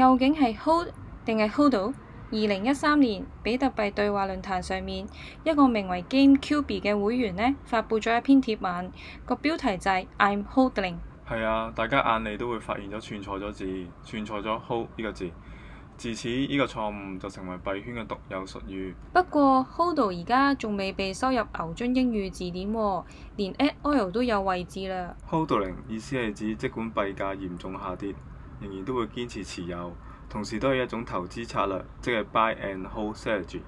究竟係 hold 定係 HODL？二零一三年，比特幣對話論壇上面，一個名為 GameCube 嘅會員呢，發布咗一篇貼文，個標題就係 I'm holding。係 hold 啊，大家眼裡都會發現咗串錯咗字，串錯咗 hold 呢個字。自此，呢、這個錯誤就成為幣圈嘅獨有術語。不過 HODL 而家仲未被收入牛津英語字典、哦，連 add oil 都有位置啦。holding 意思係指，即管幣價嚴重下跌。仍然都會堅持持有，同時都係一種投資策略，即係 buy and hold strategy。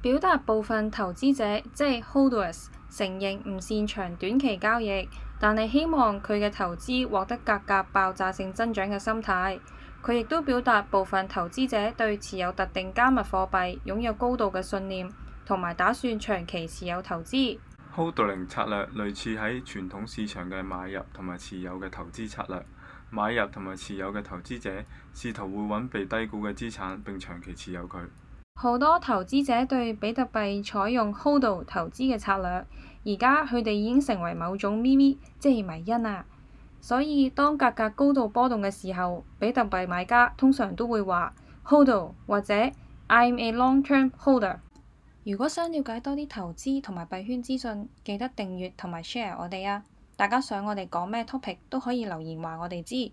表達部分投資者即係 holders 承認唔擅長短期交易，但係希望佢嘅投資獲得價格爆炸性增長嘅心態。佢亦都表達部分投資者對持有特定加密貨幣擁有高度嘅信念，同埋打算長期持有投資。Holding 策略類似喺傳統市場嘅買入同埋持有嘅投資策略。買入同埋持有嘅投資者，試圖會揾被低估嘅資產並長期持有佢。好多投資者對比特幣採用 HODL 投資嘅策略，而家佢哋已經成為某種咪咪即係迷因啊！所以當價格,格高度波動嘅時候，比特幣買家通常都會話 HODL, 或者 I'm a long-term holder。如果想了解多啲投資同埋幣圈資訊，記得訂閱同埋 share 我哋啊！大家想我哋講咩 topic，都可以留言話我哋知。